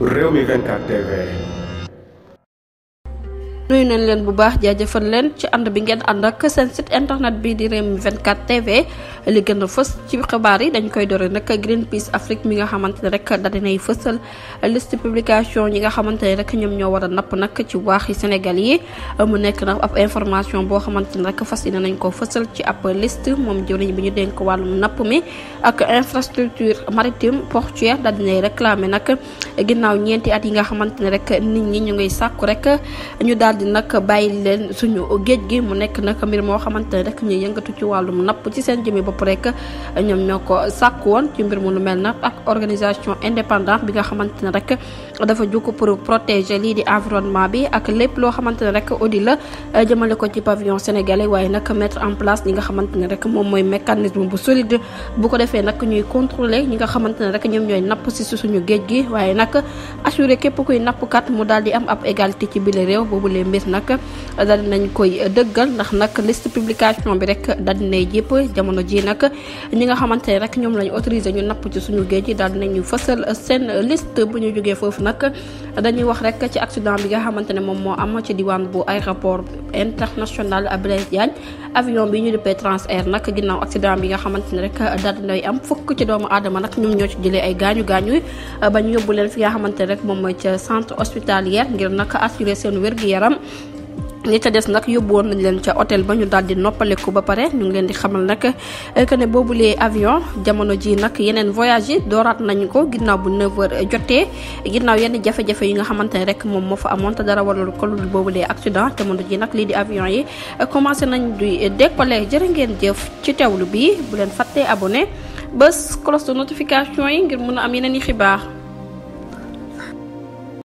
Rewmi 24 TV nuyu nañ leen bu baax jaajëfal leen ci ànd bi ngeen ànd ak seen site internet bi di rem 24 TV li gën a fës ci xibaar yi dañ koy dore nag Greenpeace Afrique mi nga xamante ne rek da dinay fësal liste publication yi nga xamante ne rek ñoom ñoo war a napp nag ci waaxi Sénégal yi mu nekk na ab information boo xamante ne rek fas dina nañ ko fësal ci ab liste moom jëwriñ bi ñu dénk wàllum napp mi ak infrastructure maritime portuaire da dinay réclamer nag ginnaaw ñeenti at yi nga xamante ne rek nit ñi ñu ngay sàkku rek ñu daal daal di nak bàyyi leen suñu geej gi mu nek nak mbir mo xamantene rek ñuy yëngatu ci walum nap ci seen jëmi bop rek ñom ñoko sakku won ci mbir mu lu mel nak ak organisation indépendante bi nga xamantene rek dafa juk pour protéger li di environnement bi ak lepp lo xamantene rek audi la jëmale ko ci pavillon sénégalais waye nak mettre en place li nga xamantene rek mom moy mécanisme bu solide bu ko defee nak ñuy contrôler ñi nga xamantene rek ñom ñoy nap ci suñu geej gi waye nak assurer képp kuy kat mu daal di am ab égalité ci bile réew le yooyu mbir nag daal koy dëggal ndax nag liste publication bi rek daal dinay jépp jamono ji nag ñi nga xamante ne rek ñoom lañu autorisé ñu napp ci suñu géej gi daal dinañu fësal seen liste bu ñu jógee foofu nag dañuy wax rek ci accident bi nga xamante ne moom moo am ci diwaan bu aéroport international Blaise Diagne avion bi ñu duppee Transair nag ginnaaw accident bi nga xamante ne rek daal dinay am fukk ci doomu aadama nag ñoom ñoo ci jëlee ay gaañu gaañu ba ñu yóbbu leen fi nga xamante ne rek moom mooy ca centre hospitalier ngir nag assurer seen wér-gu-yaram fan li ca des nag yóbbu woon nañ leen ca hôtel ba ñu daal di noppaleku ba pare ñu ngi leen di xamal nag euh, que ne boobulee avion jamono ji nag yeneen voyage dooraat nañ ko ginnaaw bu 9h jotee ginnaaw yenn jafe-jafe yi nga xamante ne rek moom moo fa amoon te dara waralu ko lu boobulee accident jamono ji nag lii di avion yi euh, commencé nañ di décoller jërë ngeen jëf ci teewlu bi bu leen fàttee abonné bés cloche de notification yi ngir mun a am yeneen i xibaar.